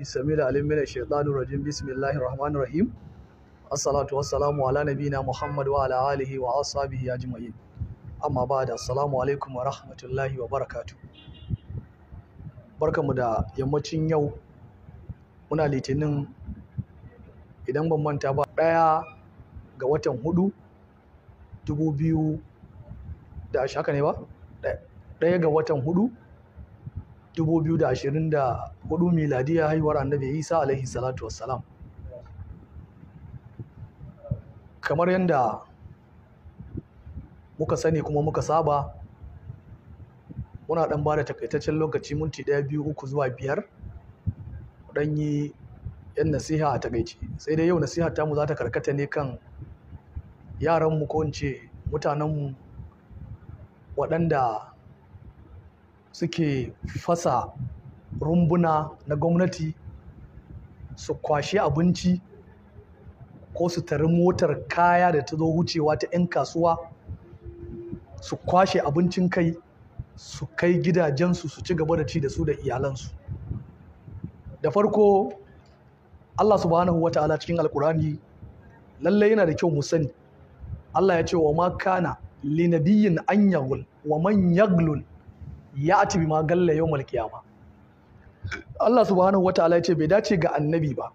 Isami da alimin da shaitanu rajin bismillahi rahmanu rahim. Assalatu wassalamu ala nabi na Muhammad wa ala alihi wa asabihi ya jima'in. Amma ba da assalamu alaikum wa rahmatullahi wa barakatu. Barkamu da yammacin yau muna litinin idan ban manta ba ɗaya ga watan hudu dubu biyu da shaka ne ba? Ɗaya ga watan hudu 2024 ya haihuwar annabi isa alaihi salatu wassalam kamar yadda muka sani kuma muka saba muna dan ba da takaitaccen lokaci minti ɗaya biyu uku zuwa biyar dan yi yan nasiha a takaici sai dai yau nasiha mu za ta karkata ne kan yaranmu ko in ce mutanenmu waɗanda suke fasa rumbuna na gwamnati su kwashe abinci ko su tari motar kaya da ta zo wucewa ta 'yan kasuwa su kwashe abincin kai su kai gidajensu su ci gaba da ci da su da iyalansu da farko allah subhanahu wa ta'ala cikin alkurani lallai yana da kyau mu sani allah ya ce wa makana linabiyin an yagul wa man yaglul ya ci bi ma galla yau malkiyama. Allah subhanahu wataala ya ce bai dace ga annabi ba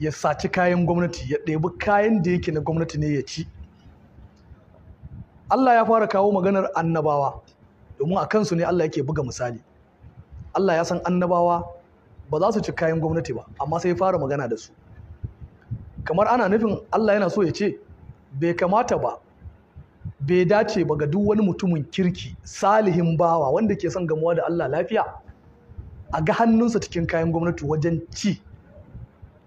ya saci kayan gwamnati ya ɗebi kayan da yake na gwamnati ne ya ci Allah ya fara kawo maganar annabawa domin a kansu ne Allah yake buga misali Allah ya san annabawa ba za su ci kayan gwamnati ba amma sai ya fara magana da su kamar ana nufin Allah yana so ya ce bai kamata ba bai dace ba ga duk wani mutumin kirki salihin bawa wanda ke son gamuwa da Allah lafiya a ga hannunsa cikin kayan gwamnati wajen ci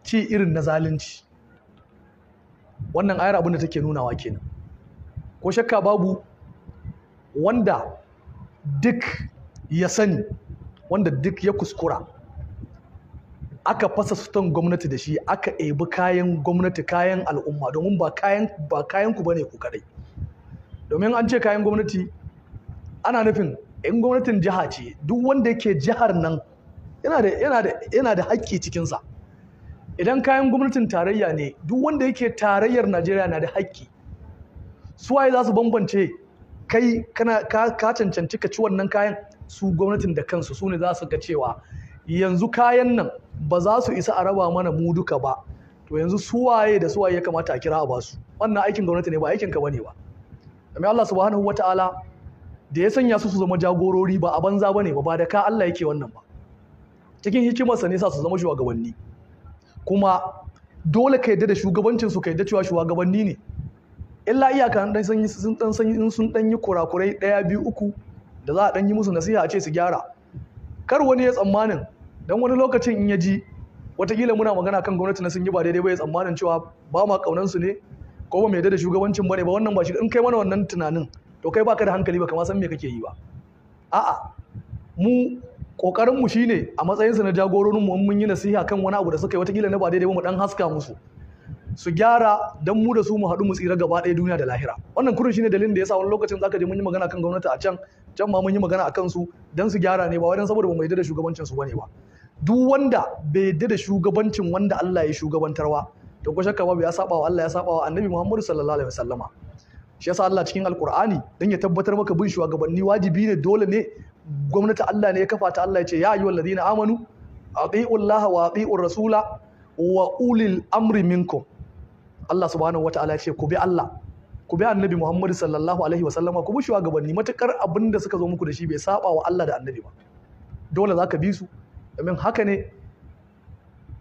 ci irin na zalunci wannan ayar abin da take nunawa kenan ko shakka babu wanda duk ya sani wanda duk ya kuskura aka fasa sutan gwamnati da shi aka ebi kayan gwamnati kayan al'umma domin ba kayan ba ne ku bane ku kadai domin an ce kayan gwamnati ana nufin in gwamnatin jiha ce duk wanda yake jihar nan yana da haƙƙi cikinsa idan kayan gwamnatin tarayya ne duk wanda yake tarayyar najeriya na da haƙƙi suwaye za su bambance kai ka cancanci ka ci wannan kayan su gwamnatin da kansu su ne za su ga cewa yanzu kayan nan ba za su isa a raba mana mu duka ba to yanzu suwaye da suwaye ya kamata a kira a basu wannan aikin gwamnati ne ba aikin ka bane ba kamar Allah subhanahu wataala da ya sanya su su zama jagorori ba a banza bane ba ba da ka Allah yake wannan ba cikin hikimarsa ne sa su zama shugabanni kuma dole ka yadda da shugabancin su ka yadda cewa shugabanni ne illa iyaka dan san sun dan san sun dan yi kurakurai daya biyu uku da za a dan yi musu nasiha a ce su gyara kar wani ya tsammanin dan wani lokacin in ya ji watakila muna magana kan gwamnati na sun yi ba daidai ba ya tsammanin cewa ba ma kaunan su ne ko ba mai yadda da shugabancin bane ba wannan ba shi in kai mana wannan tunanin to kai baka da hankali ba ma san me kake yi ba a'a mu kokarin mu shine a matsayin su na jagororin mu mun yi nasiha kan wani abu da suka yi watakila na ba daidai ba mu dan haska musu su gyara dan mu da su mu haɗu mu tsira gaba ɗaya duniya da lahira wannan kurin shine dalilin da yasa wani lokacin zaka je mun yi magana kan gwamnati a can can ma mun yi magana akan su dan su gyara ne ba wai dan saboda ba mu shugabancin su bane ba duk wanda bai yadda da shugabancin wanda Allah ya shugabantarwa to ko shakka babu ya saba wa Allah ya saba wa Annabi Muhammad sallallahu alaihi wasallama shi yasa Allah cikin Alkur'ani dan ya tabbatar maka bin shugabanni wajibi ne dole ne gwamnati Allah ne ya kafa ta Allah ya ce ya ayyuhal ladina amanu atiiu Allah wa atiiu rasula wa ulil amri minkum Allah subhanahu wataala ya ce ku bi Allah ku bi Annabi Muhammad sallallahu alaihi wasallama ku bi shugabanni matukar abinda suka zo muku da shi bai saba wa Allah da Annabi ba dole zaka bi su domin haka ne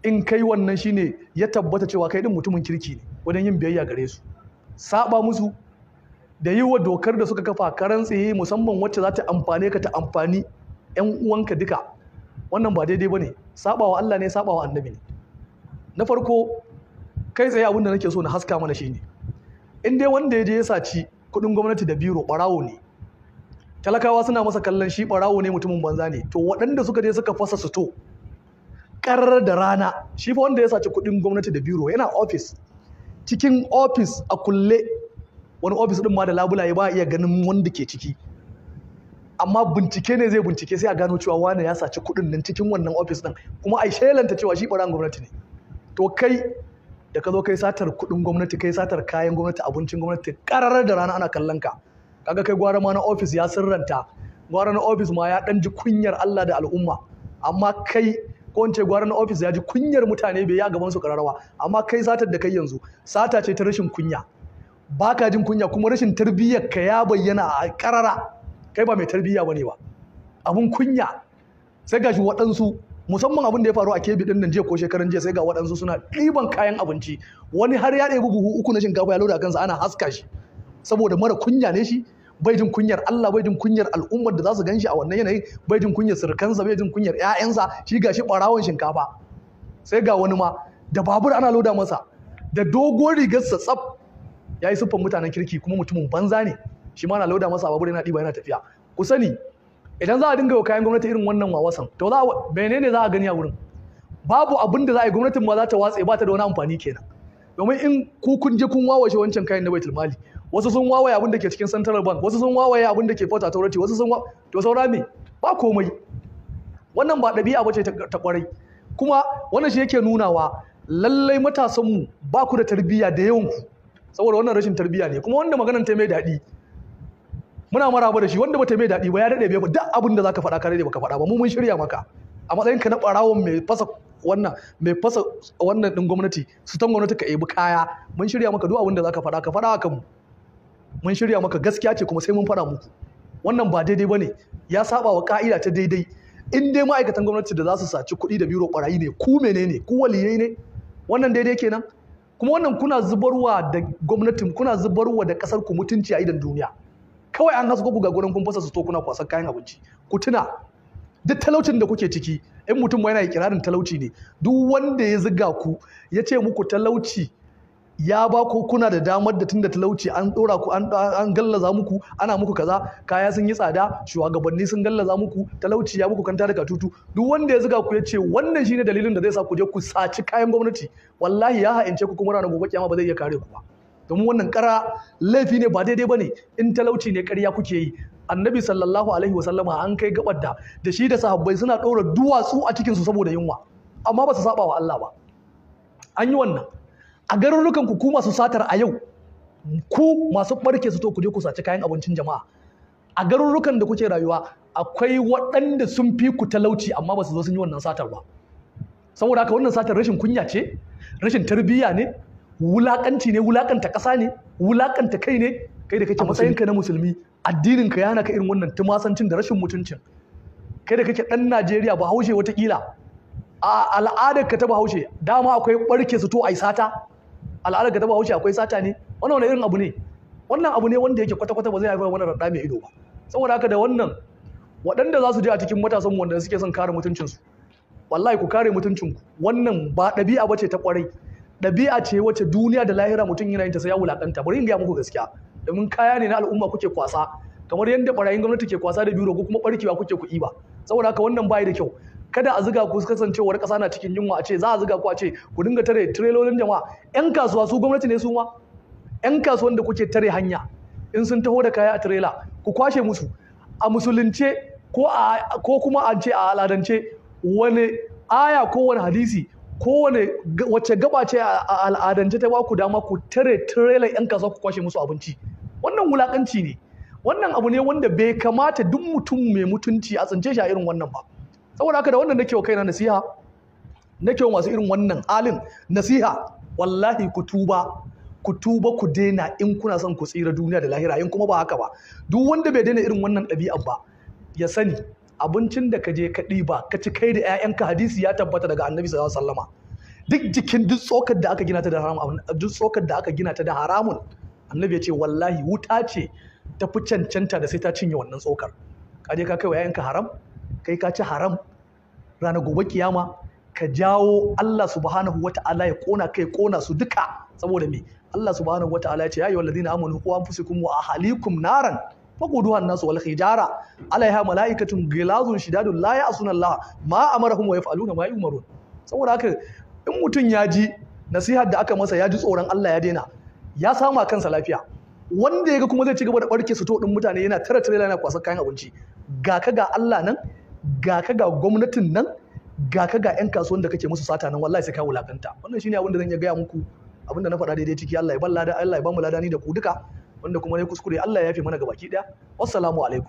in kai wannan shine ya tabbata cewa kai din mutumin kirki ne wajen yin biyayya gare su saba musu da yi wa dokar da suka kafa karan tsaye musamman wacce za ta amfane ka ta amfani yan uwanka duka wannan ba daidai bane wa Allah ne wa annabi ne na farko kai tsaye abin da nake so na haska mana ne. in dai wanda ya je ya saci kuɗin gwamnati da biro barawo ne talakawa suna masa kallon shi barawo ne mutumin banza ne to waɗanda suka je suka fasa su to karar da rana shi fa wanda ya saci kuɗin gwamnati da biro yana ofis cikin ofis a kulle wani ofis ɗin ma da ya ba iya ganin wanda ke ciki amma bincike ne zai bincike sai a gano cewa wani ya saci kuɗin nan cikin wannan ofis ɗin kuma a shelanta cewa shi ɓaran gwamnati ne to kai da ka zo kai satar kuɗin gwamnati kai satar kayan gwamnati abincin gwamnati ƙarar da rana ana kallon ka kaga kai gwara ma na ofis ya sirranta gwara na ofis ma ya ɗan ji kunyar Allah da al'umma amma kai ko in ce ofis ya ji kunyar mutane bai ya gaban su kararawa amma kai satar da kai yanzu sata ce ta rashin kunya baka jin kunya kuma rashin tarbiyyar ka ya bayyana a karara kai ba mai tarbiyya bane ba abun kunya sai gashi waɗansu musamman abin da ya faru a kebi din nan jiya ko shekaran jiya sai ga waɗansu suna ɗiban kayan abinci wani har ya ɗebi buhu uku na shinkafa ya lura kansa ana haska shi saboda mara kunya ne shi bai jin kunyar Allah bai jin kunyar al'ummar da za su ganshi a wannan yanayin bai jin kunyar surkansa bai jin kunyar ƴaƴansa shi gashi barawon shinkafa sai ga wani ma da babur ana loda masa da dogon rigarsa tsaf yayi siffan mutanen kirki kuma mutumin banza ne shi ma ana loda masa babur yana diba yana tafiya ku sani idan za a dinga kayan gwamnati irin wannan wawasan to za menene za a gani a wurin babu abin da za a yi gwamnatin ma za ta watse ba ta da wani amfani kenan domin in ku kun je kun wawashe wancan kayan na baitul mali wasu sun wawaye abin da ke cikin central bank wasu sun wawaye abin da ke port authority wasu sun to saura me ba komai wannan ba ɗabi'a ba ce ta kwarai kuma wannan shi yake nunawa lallai matasanmu ba ku da tarbiyya da yawan ku saboda wannan rashin tarbiyya ne kuma wanda maganar ta mai daɗi muna maraba da shi wanda ta mai daɗi ba ya daɗe ba duk abin da zaka faɗa kare ne baka faɗa ba mu mun shirya maka a matsayin ka na ɓarawon mai fasa wannan mai fasa wannan ɗin gwamnati su tan gwamnati ka ebi kaya mun shirya maka duk abin da zaka faɗa ka faɗa ka mu mun shirya maka gaskiya ce kuma sai mun fara muku wannan ba daidai bane ya saba wa ka'ida ta daidai in dai ma'aikatan gwamnati da za su saci kuɗi da biro ƙwarayi ne ku menene ku waliyai ne wannan daidai kenan kuma wannan kuna zubarwa da gwamnatin kuna zubarwa da ƙasar ku mutunci a idan duniya kawai an hasko ku ga gurin kun fasa su to kuna kwasan kayan abinci ku tuna duk talaucin da kuke ciki in mutum ma yana kirarin talauci ne duk wanda ya ziga ku ya ce muku talauci ya ba ko kuna da damar da da talauci an dora ku an gallaza muku ana muku kaza kaya sun yi tsada shugabanni sun gallaza muku talauci ya muku kanta da tutu duk wanda ya zuga ku ya ce wannan shine dalilin da zai sa ku je ku saci kayan gwamnati wallahi ya ha'ince ku kuma ranar gobe kiyama ba zai iya kare ku ba domin wannan kara laifi ne ba daidai bane in talauci ne ƙarya kuke yi annabi sallallahu alaihi wasallama an kai gabar da da shi da sahabbai suna ɗora duwatsu a cikinsu saboda yunwa amma ba su saba wa Allah ba an yi wannan a garurrukan ku ku masu satar a yau ku masu barke su to ku je ku saci kayan abincin jama'a a garurrukan da kuke rayuwa akwai waɗanda sun fi ku talauci amma ba su zo sun yi wannan satar ba saboda haka wannan satar rashin kunya ce rashin tarbiyya ne wulakanci ne wulakanta ƙasa ne wulakanta kai ne kai da kake matsayinka na musulmi addinin ka yana ka irin wannan tumasancin da rashin mutuncin kai da kake dan Najeriya bahaushe watakila a al'adarka ta bahaushe dama akwai barke su to ai sata al'adar ka ta wuce akwai sata ne wannan wani irin abu ne wannan abu ne wanda yake kwata-kwata ba zai haifar wani raɗa mai ido ba saboda haka da wannan waɗanda za su je a cikin matasan wanda suke son kare mutuncinsu wallahi ku kare mutuncin ku. wannan ba ɗabi'a ba ce ta ƙwarai ɗabi'a ce wacce duniya da lahira mutum yana yin ta sai ya wulaƙanta bari in gaya muku gaskiya domin kaya ne na al'umma kuke kwasa kamar yadda barayin gwamnati ke kwasa da biro ko kuma barkewa kuke ku ba saboda haka wannan bai da kyau kada a zuga ku kasancewar kasa na cikin yunwa a ce za a zuga ku a ce ku dinga tare trailolin jama'a yan kasuwa su gwamnati ne su ma yan kasuwan da kuke tare hanya in sun taho da kaya a tirela ku kwashe musu a musulunce ko a ko kuma an ce a al'adance wani aya ko wani hadisi ko wani wacce gaba ce a al'adance ta baku dama ku tare trailer yan kasuwa ku kwashe musu abinci wannan wulakanci ne wannan abu ne wanda bai kamata duk mutum mai mutunci a tsince shi a irin wannan ba saboda haka da wannan nake wa kaina nasiha nake wa masu irin wannan alin nasiha wallahi ku tuba ku tuba ku daina in kuna son ku tsira duniya da lahira in kuma ba haka ba duk wanda bai daina irin wannan ɗabi'a ba ya sani abincin da ka je ka ɗiba ka ci kai da 'ya'yanka hadisi ya tabbata daga annabi sallallahu alaihi wasallama duk jikin duk tsokar da aka gina ta da haramun duk tsokar da aka gina ta da haramun annabi ya ce wallahi wuta ce ta fi cancanta da sai ta cinye wannan tsokar ka je ka kai wa 'ya'yanka haram kai ka ci haram ranar gobe kiyama ka jawo Allah subhanahu wata'ala ya kona kai kona su duka saboda me Allah subhanahu wata'ala ya ce ya ayyuhallazina amanu qu anfusakum wa ahlikum naran faquduha an-nasu wal hijara alaiha malaikatun gilazun shidadun la ya'suna Allah ma amarahum wa yaf'aluna ma yu'marun saboda haka in mutum ya ji nasihar da aka masa ya ji tsoron Allah ya daina ya sama kansa lafiya wanda ya ga kuma zai ci gaba da barke su to din mutane yana tara tare yana kwasa kayan abinci ga ka ga Allah nan ga ka ga gwamnatin nan ga ka ga 'yan kasuwan da kake musu sata nan wallahi sai ka wulakanta wannan shine abin da zan iya gaya muku abin da na faɗa daidai ciki Allah ya ban lada Allah ya ba lada ni da ku duka wanda kuma ne kuskure Allah ya yafe mana gabaki daya wassalamu alaikum